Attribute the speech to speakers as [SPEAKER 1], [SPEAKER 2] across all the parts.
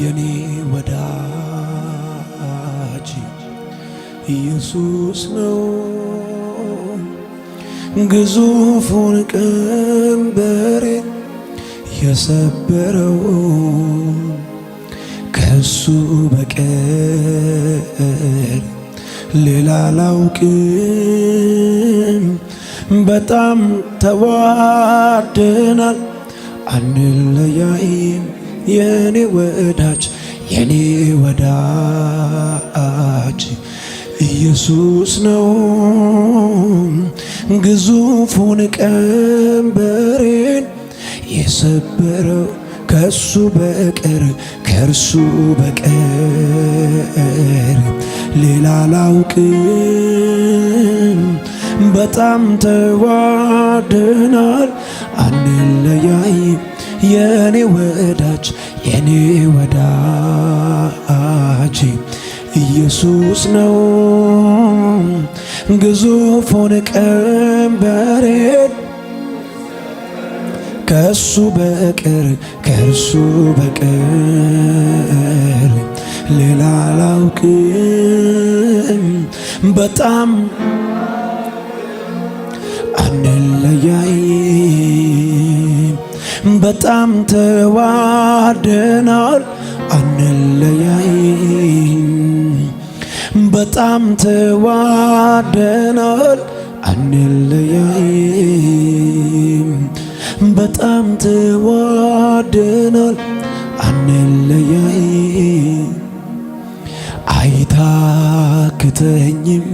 [SPEAKER 1] የኔ ወዳጅ ኢየሱስ ነው። ግዙፉን ቀንበር የሰበረው ከሱ በቀር ሌላ ላውቅ በጣም ተዋደናል አንለያይም። የኔ ወዳጅ የኔ ወዳጅ ኢየሱስ ነው ግዙፉን ቀንበሬን የሰበረው ከሱ በቀር ከእርሱ በቀር ሌላ አላውቅም። በጣም ተዋደናል አንለያይም የኔ ወዳጅ የኔ ወዳጅ ኢየሱስ ነው ግዙፉን ቀንበሬን ከሱ በቀር ከሱ በቀር ሌላ አላውቅም በጣም በጣም ተዋደናል አንለያይም። በጣም ተዋደናል አንለያይም። በጣም ተዋደናል አንለያይ አይታክተኝም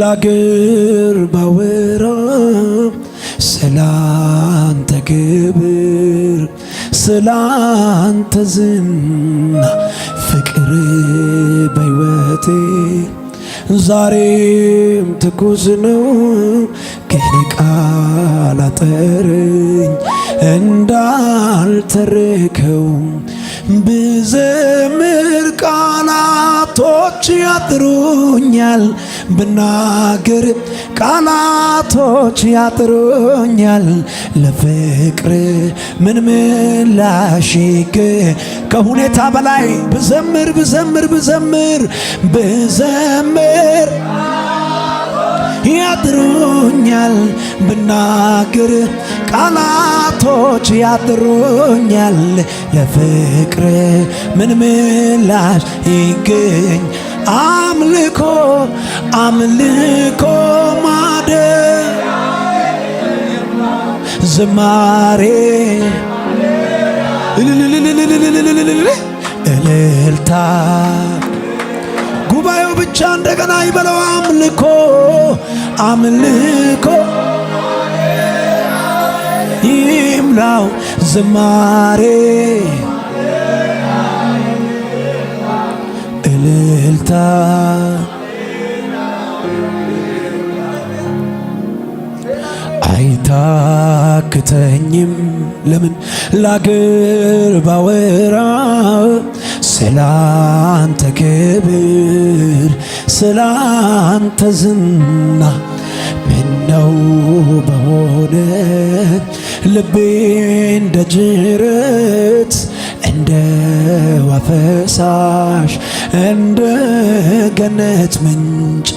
[SPEAKER 1] ላገር ባወራ ሰላ ክብር ስላንተ ዝና ፍቅር በሕይወቴ ዛሬም ትኩስ ነው። ግን ቃል አጠረኝ እንዳልተረከው ብዘምር ቃላቶች ያጥሩኛል። ብናገር ቃላቶች ያጥሩኛል። ለፍቅር ምን ምላሽ ከሁኔታ በላይ ብዘምር ብዘምር ብዘምር ብዘምር ያጥሩኛል ብናገር ቃላቶች ያጥሩኛል። ለፍቅር ምን ምላሽ ይገኝ አምልኮ አምልኮ ማደር ዝማሬ እልልታ ጉባኤው ብቻ እንደገና ይበለው አምልኮ አምልኮ ይምላው ዝማሬ እልልታ አይታክተኝም። ለምን ላገር ባወራ ስላንተ ክብር ስላንተ ዝና ምነው በሆነ ልቤ እንደ እንደ ገነት ምንጭ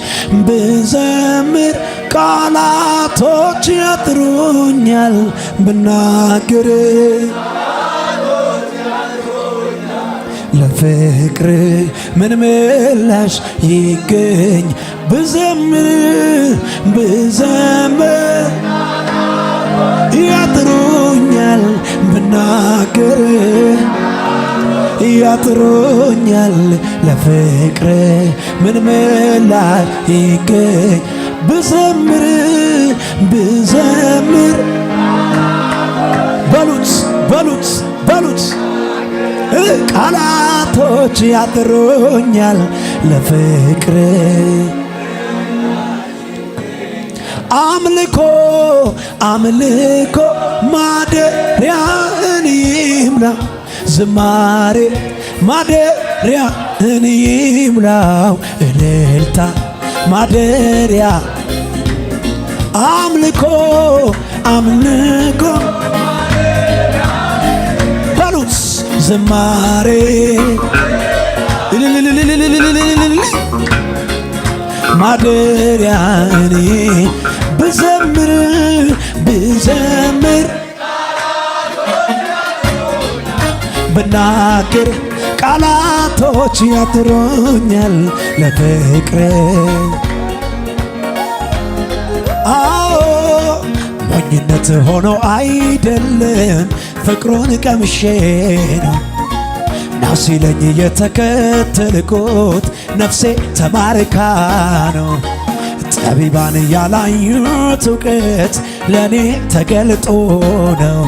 [SPEAKER 1] ብዘምር ቃላቶች ያጥሩኛል ብናገር ለፍቅር ምን ምላሽ ይገኝ ብዘምር ብዘምር ያጥሩኛል ብናገር ያጥሮኛል ለፍቅር ምን ምላሽ ይገኝ ብዘምር ብዘምር በሉት በሉት በሉት ቃላቶች ያጥሮኛል ለፍቅር አምልኮ አምልኮ ማደሪያን ይምላ ዝማሬ ማደሪያ እኔ ይምላው እልልታ ማደሪያ አምልኮ አምልኮ በሉት ዝማሬ ማደሪያ እኔ ብዘምር ብዘምር ብናገር ቃላቶች ያጥሮኛል ለፍቅር አዎ ሞኝነት ሆኖ አይደለም ፍቅሩን ቀምሼ ነው ናው ሲለኝ የተከተልኩት ነፍሴ ተማርካ ነው። ጠቢባን ያላዩት እውቀት ለእኔ ተገልጦ ነው።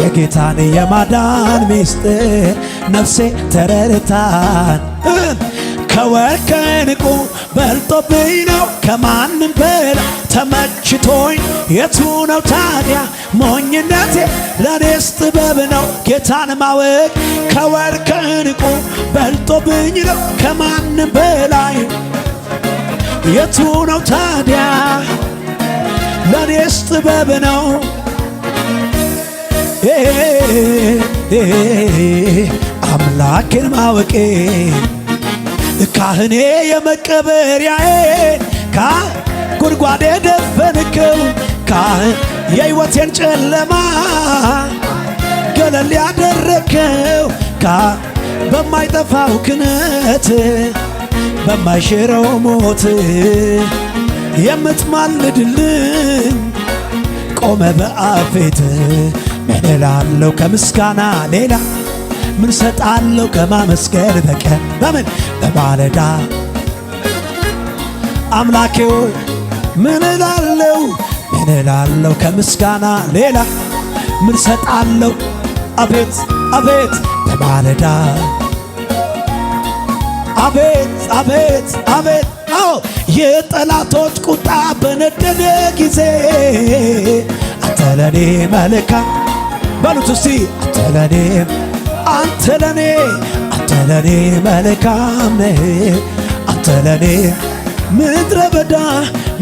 [SPEAKER 1] የጌታን የማዳን ሚስጥር ነፍሴ ተረርታን ከወርቅ በልጦብኝ ነው ከማንም በላ ተመችቶኝ የቱ ነው ታዲያ ሞኝነቴ? ለኔስ ጥበብ ነው ጌታን ማወቅ ከወርከንቁ በልጦብኝ ነው ከማንም በላይ የቱ ነው ታዲያ ለኔስ ጥበብ ነው አምላኬን ማወቄ ካህኔ ካ ጉድጓዴ ደፈንክው ካህን የሕይወቴን ጨለማ ገለል ያደረከው ካ በማይጠፋው ክነት በማይሽረው ሞት የምትማልድልን ቆመ በአፌት ምን እላለሁ ከምስጋና ሌላ ምን ሰጣለሁ ከማመስገን በቀር በምን በማለዳ አምላኬ ሆይ ምን እላለሁ ምን እላለሁ ከምስጋና ሌላ ምን ሰጣለሁ አቤት አቤት በማለዳ አቤት አቤት አቤት አዎ የጠላቶች ቁጣ በነደደ ጊዜ አንተ ለኔ መልካም በሉት እስቲ አንተ ለኔ አንተ ለኔ አንተ ለኔ መልካም ነህ አንተ ለኔ ምድረ በዳ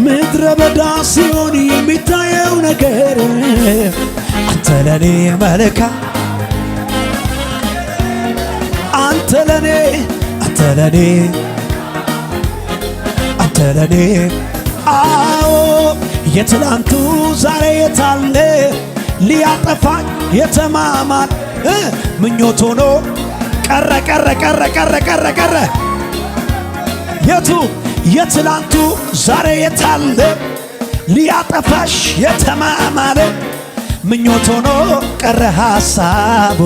[SPEAKER 1] ምድረ በዳ ሲሆን የሚታየው ነገር አንተ ለኔ መልካም አንተ ለኔ አንተ ለኔ አንተ ለኔ አዎ የትላንቱ ዛሬ የታለ ሊያጠፋኝ የተማማል ምኞት ሆኖ ቀረ ቀረ ቀረ ቀረ ቀረ ቀረ የቱ የትላንቱ ዛሬ የታለ ሊያጠፋሽ የተማማለ ምኞት ሆኖ ቀረ ሐሳቡ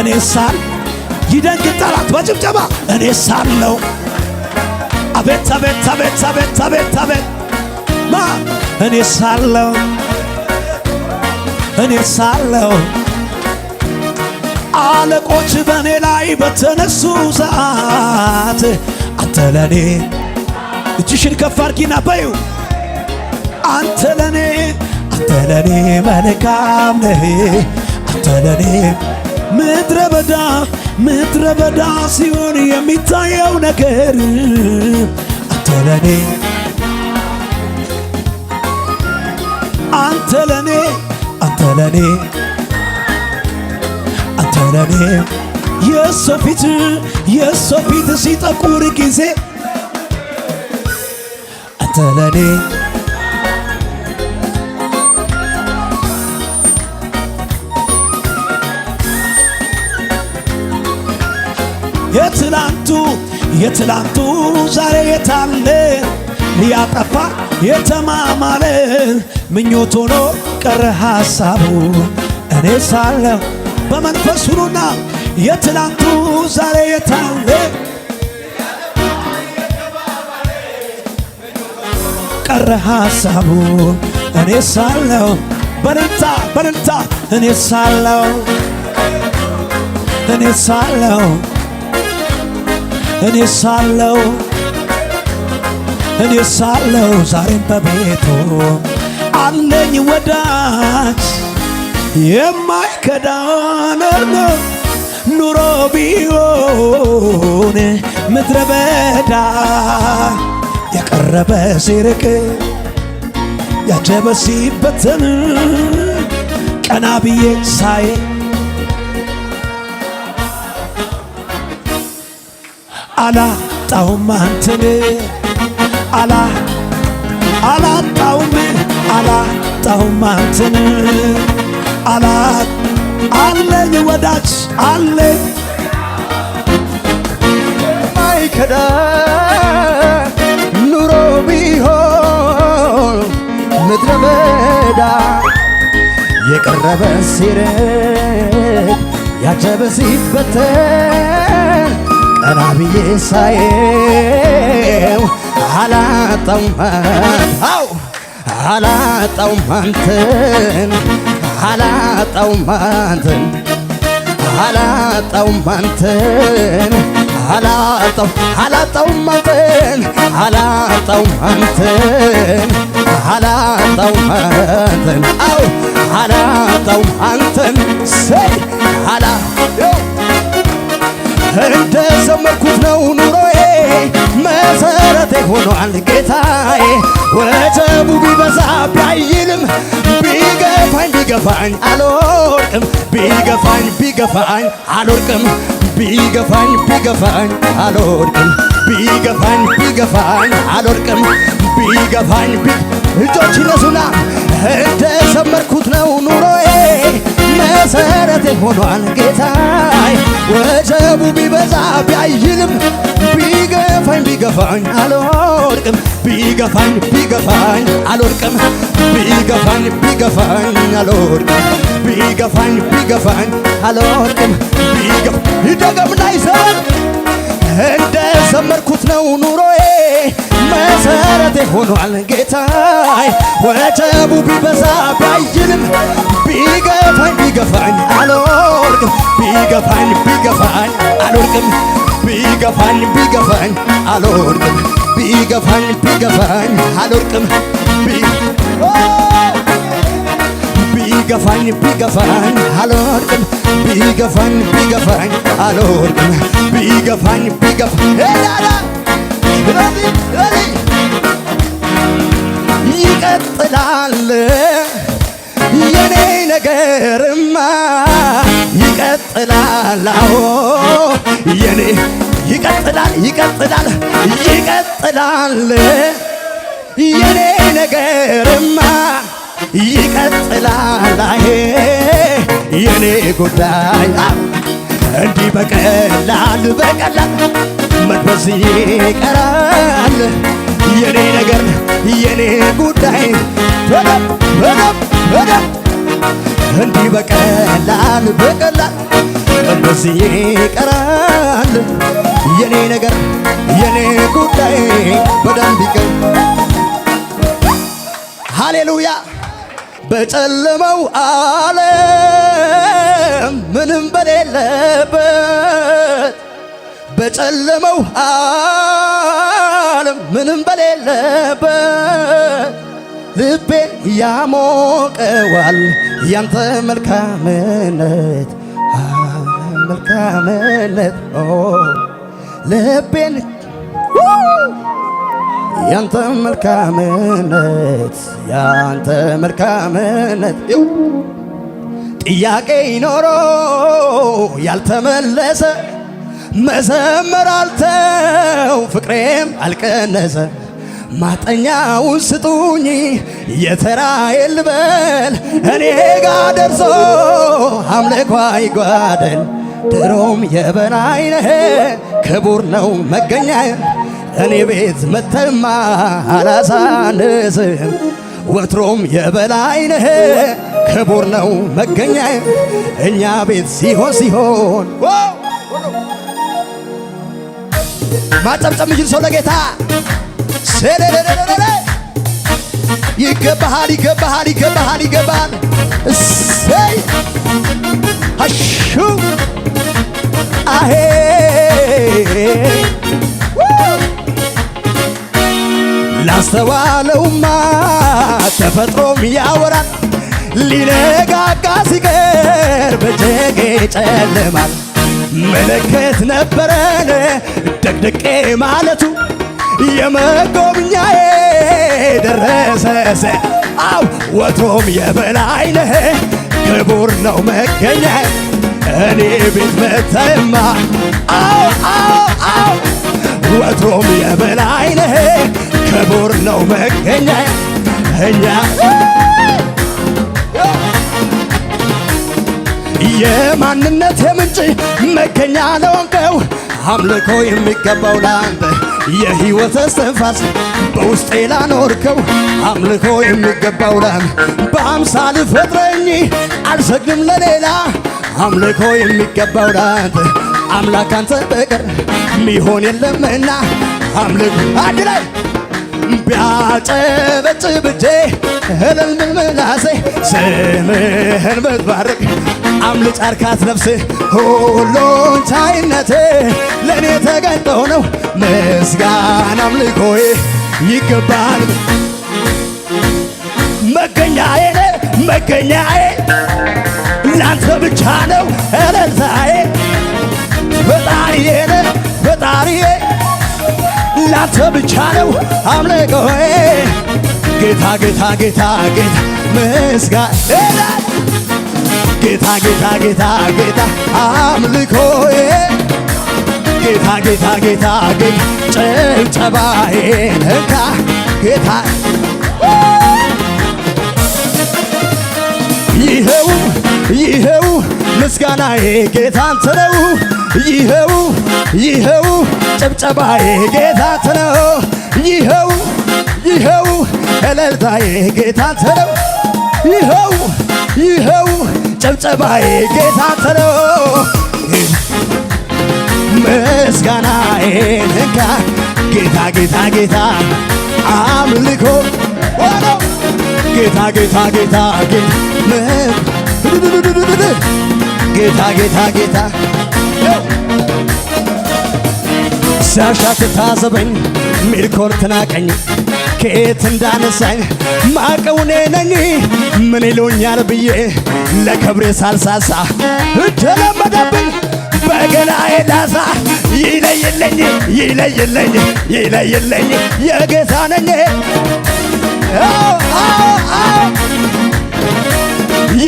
[SPEAKER 1] እኔ ሳል ይደንግጥ ጠላት በጭብጨባ እኔ ሳለው አቤት አቤት አቤት አቤት አቤት አቤት ማ እኔ ሳለው እኔ ሳለው አለቆች በእኔ ላይ በተነሱ ሰዓት አንተ ለኔ እጅሽን ከፍ አርጊና በዩ አንተ ለኔ አንተ ለኔ መልካም ነህ አንተ ለኔ ምድረ በዳ ምድረ በዳ ሲሆን የሚታየው ነገር አንተ ለኔ አንተ ለኔ አንተ ለኔ አንተ ለኔ የእሱ ፊት የእሱ ፊት ሲጠቁር ጊዜ አንተ ለኔ የትላንቱ የትላንቱ ዛሬ የታለ ሊያጠፋ የተማማለ ምኞት ሆኖ ቀረ ሐሳቡ እኔ ሳለሁ በመንፈስ ሁኑና የትናንቱ ዛሬ የታለ ቀረ ሐሳቡ እኔ ሳለሁ በንታ በንታ እኔ ሳለሁ እኔ ሳለሁ እኔ ሳለሁ እኔ ሳለሁ ዛሬም በቤቱ አለኝ ወዳጅ የማይከዳን ኑሮ ቢሆን ምድረ በዳ የቀረበ ሲርቅ ያጀበ ሲበትን ቀና ብዬ ሳይ አላጣሁም አንተን አላ አላጣሁም አንተን አላ አለኝ ወዳጅ አለ
[SPEAKER 2] ማይከዳ ኑሮ ቢሆን ምድረ በዳ የቀረበ ሲረግ ያጀበ ሲበተን ቀና ብዬ ሳየው አላጣውማ አላጣውም አንተን አላጣውም አንተን አላጣውም አንተን አላጣው አላጣውም አንተን አላጣውም አንተን አላጣውም አንተን አላጣውም አንተን ሰይ አላ እንደ ዘመርኩት ነው ኑሮዬ መሰረቴ ሆኗል ጌታዬ። ወጀቡ ቢበዛ ቢያይልም ቢገፋኝ ቢገፋኝ አልወድቅም ቢገፋኝ ቢገፋኝ አልወድቅም ቢገፋኝ ቢገፋኝ አልወድቅም ቢገፋኝ ቢገፋኝ አልወድቅም ቢገፋኝ እጆች ይነሱና እንደ ዘመርኩት ነው ኑሮዬ መሰረቴ ሆኗል ጌታዬ። ወጀቡ ቢበዛ ቢያይልም ቢገፋኝ ቢገፋኝ አልወድቅም ቢገፋኝ ቢገፋኝ አልወድቅም ቢገፋኝ ቢገፋኝ አልወድቅም ቢገፋኝ ቢገፋኝ አልወድቅም ይደገምና ይዘመር እንደ ዘመርኩት ነው ኑሮዬ ሆኗል ጌታዬ። ወጀቡ ቢበዛ ቢያይልም ቢገፋኝ ቢገፋኝ አልወድቅም ቢገፋኝ ቢገፋኝ አልወድቅም ቢገፋኝ ቢገፋኝ አልወድቅም ቢገፋኝ ቢገፋኝ አልወድቅም ቢገፋኝ ቢገፋኝ አልወድቅም ቢገፋኝ ቢገፋኝ አልወድቅም ቢገፋኝ ቢገፋኝ ይቀጥላል የኔ ነገርማ ይቀጥላል አዎ የኔ ይቀጥላል ይቀጥላል ይቀጥላል የኔ ነገርማ ይቀጥላል የኔ ጉዳይ እንዲህ በቀላል በቀላል መድረስ ይቀራል። የኔ ነገር የኔ ጉዳይ በደም በደም እንዲህ በቀላል በቀላል መድረስ ይቀራል። የኔ ነገር የኔ ጉዳይ በደንብ ይቀር። ሃሌሉያ በጨለመው አለ ምንም በሌለበት በጨለመው ዓለም ምንም በሌለበት ልቤን ያሞቀዋል ያንተ መልካምነት መልካምነት ልቤን ያንተ መልካምነት ያንተ መልካምነት ጥያቄ ይኖሮ ያልተመለሰ መዘመር አልተው ፍቅሬም አልቀነሰ ማጠኛውን ስጡኝ የተራዬ ልበል እኔ ጋ ደርሶ አምልኮ አይጓደል ድሮም የበላይ ክቡር ነው መገኛ እኔ ቤት መተማ አላሳንስም ወትሮም የበላይ ነህ ክቡር ነው መገኛ እኛ ቤት ሲሆን ሲሆን ማጨብጨብ የሚችል ሰው ለጌታ ይገባሃል ይገባሃል ይገባሃል ይገባሃል እሰይ አሹ አሄ ያስተዋለውማ ተፈጥሮም ያወራል
[SPEAKER 1] ሊነጋጋ ሲቀር በእጅጌ ጨለማል
[SPEAKER 2] ምልክት ነበረን ደቅደቄ ማለቱ የመጎብኛዬ ደረሰሰ አው ወትሮም የበላይነህ ክቡር ነው መገኛ እኔ ቤት መተማ አው አው አው ወትሮም የበላይነህ ክቡር ነው መገኛ እኛ የማንነት የምንጭ መገኛ ለወንቀው አምልኮ የሚገባው ለአንተ የሕይወት እስትንፋስ በውስጤ ላኖርከው አምልኮ የሚገባው ለአንተ በአምሳል ፈጥረኝ አልሰግድም ለሌላ አምልኮ የሚገባው ለአንተ አምላክ አንተ በቀር ሚሆን የለምና አምልኮ አድላይ ሳጨበጭብ እጄ እልል ምን ምላሴ ስምህን ብትባርክ አምልጫ አርካት ነፍሴ ሁሉን ቻይነቴ ለእኔ ተገልጦ ነው ምስጋና አምልኮዬ ይገባል መገኛዬ መገኛዬ ላንተ ብቻ ነው እልልታዬ ፈጣሪዬ ፈጣሪዬ ላንተ ብቻ ነው አምልኮዬ ጌታ ጌታ ጌታ ጌታ ምስጋና ጌታ ጌታ ጌታ ጌታ አምልኮዬ ጌታ ጌታ ጌታ ጌታ ጭብጨባዬን እንካ ጌታ ይኸው ይኸው ምስጋናዬ ጌታ አንተ ነው ይኸው ይኸው ጭብጨባዬ ጌታት ነው። ይኸው ይኸው እልልታዬ ጌታት ነው። ይኸው ይኸው ጭብጨባዬ ጌታት ነው። ምስጋናዬ እንካ ጌታ ጌታ ጌታ አምልኮ ጌታ ጌታ ጌታ ጌታ ጌታ ጌታ ሳሻክታ ታዘበኝ ሚልኮር ትናቀኝ ከየት እንዳነሳኝ ማቀውኔ ነኝ ምን ይሉኛል ብዬ ለክብሬ ሳልሳሳ እተለመደብኝ በገላዬ ላሳ ይለይልኝ ይለይልኝ ይለይልኝ የጌታ ነኝ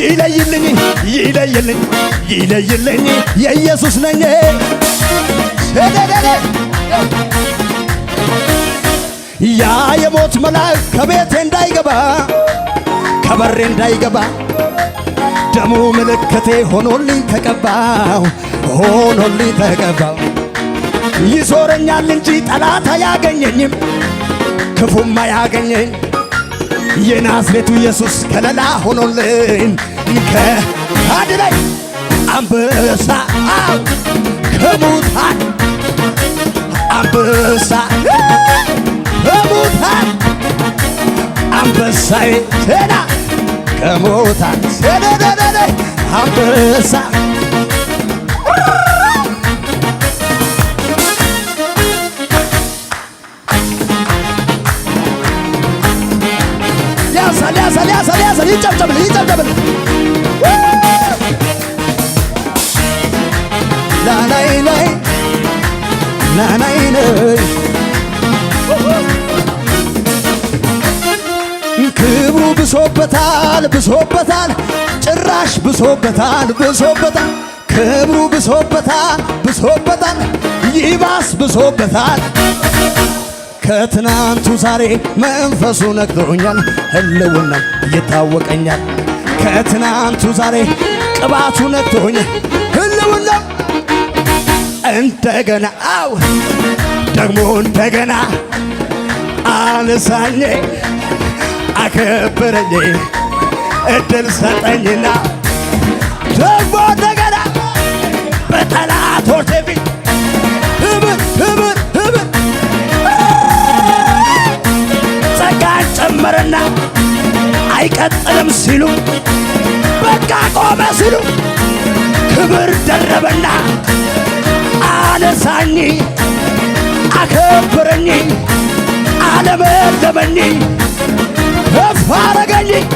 [SPEAKER 2] ይለይልኝ ይለይልኝ ይለይልኝ የኢየሱስ ነኝ ያ የሞት መልአክ ከቤቴ እንዳይገባ ከበሬ እንዳይገባ ደሙ ምልክቴ ሆኖልኝ ተቀባው ሆኖልኝ ተቀባው ይዞረኛል እንጂ ጠላት አያገኘኝም ክፉም አያገኘኝ የናዝሬቱ ኢየሱስ ከለላ ሆኖልን ከሃዲ ላይ አንበሳ ከሙታን አንበሳ ከሙታን አንበሳዬ ዜና ከሙታን አንበሳ ይጨብጨብል ይጨብጨብል ላናይ ናይ ላናይ ነይ ክብሩ ብሶበታል ብሶበታል ጭራሽ ብሶበታል ብሶበታል ክብሩ ብሶበታል ብሶበታል ይባስ ብሶበታል ከትናንቱ ዛሬ መንፈሱ ነግሮኛል፣ ህልውና ይታወቀኛል። ከትናንቱ ዛሬ ቅባቱ ነግሮኛል፣ ህልውና እንደገና አው ደግሞ እንደገና አነሳኝ፣ አከበረኝ፣ እድል ሰጠኝና ደግሞ እንደገና በጠላቶቼ አይቀጥልም ሲሉ በቃ ቆመ ሲሉ ክብር ደረበና አነሳኝ አከብረኝ አለመደበኝ ተስፋ አረገኝ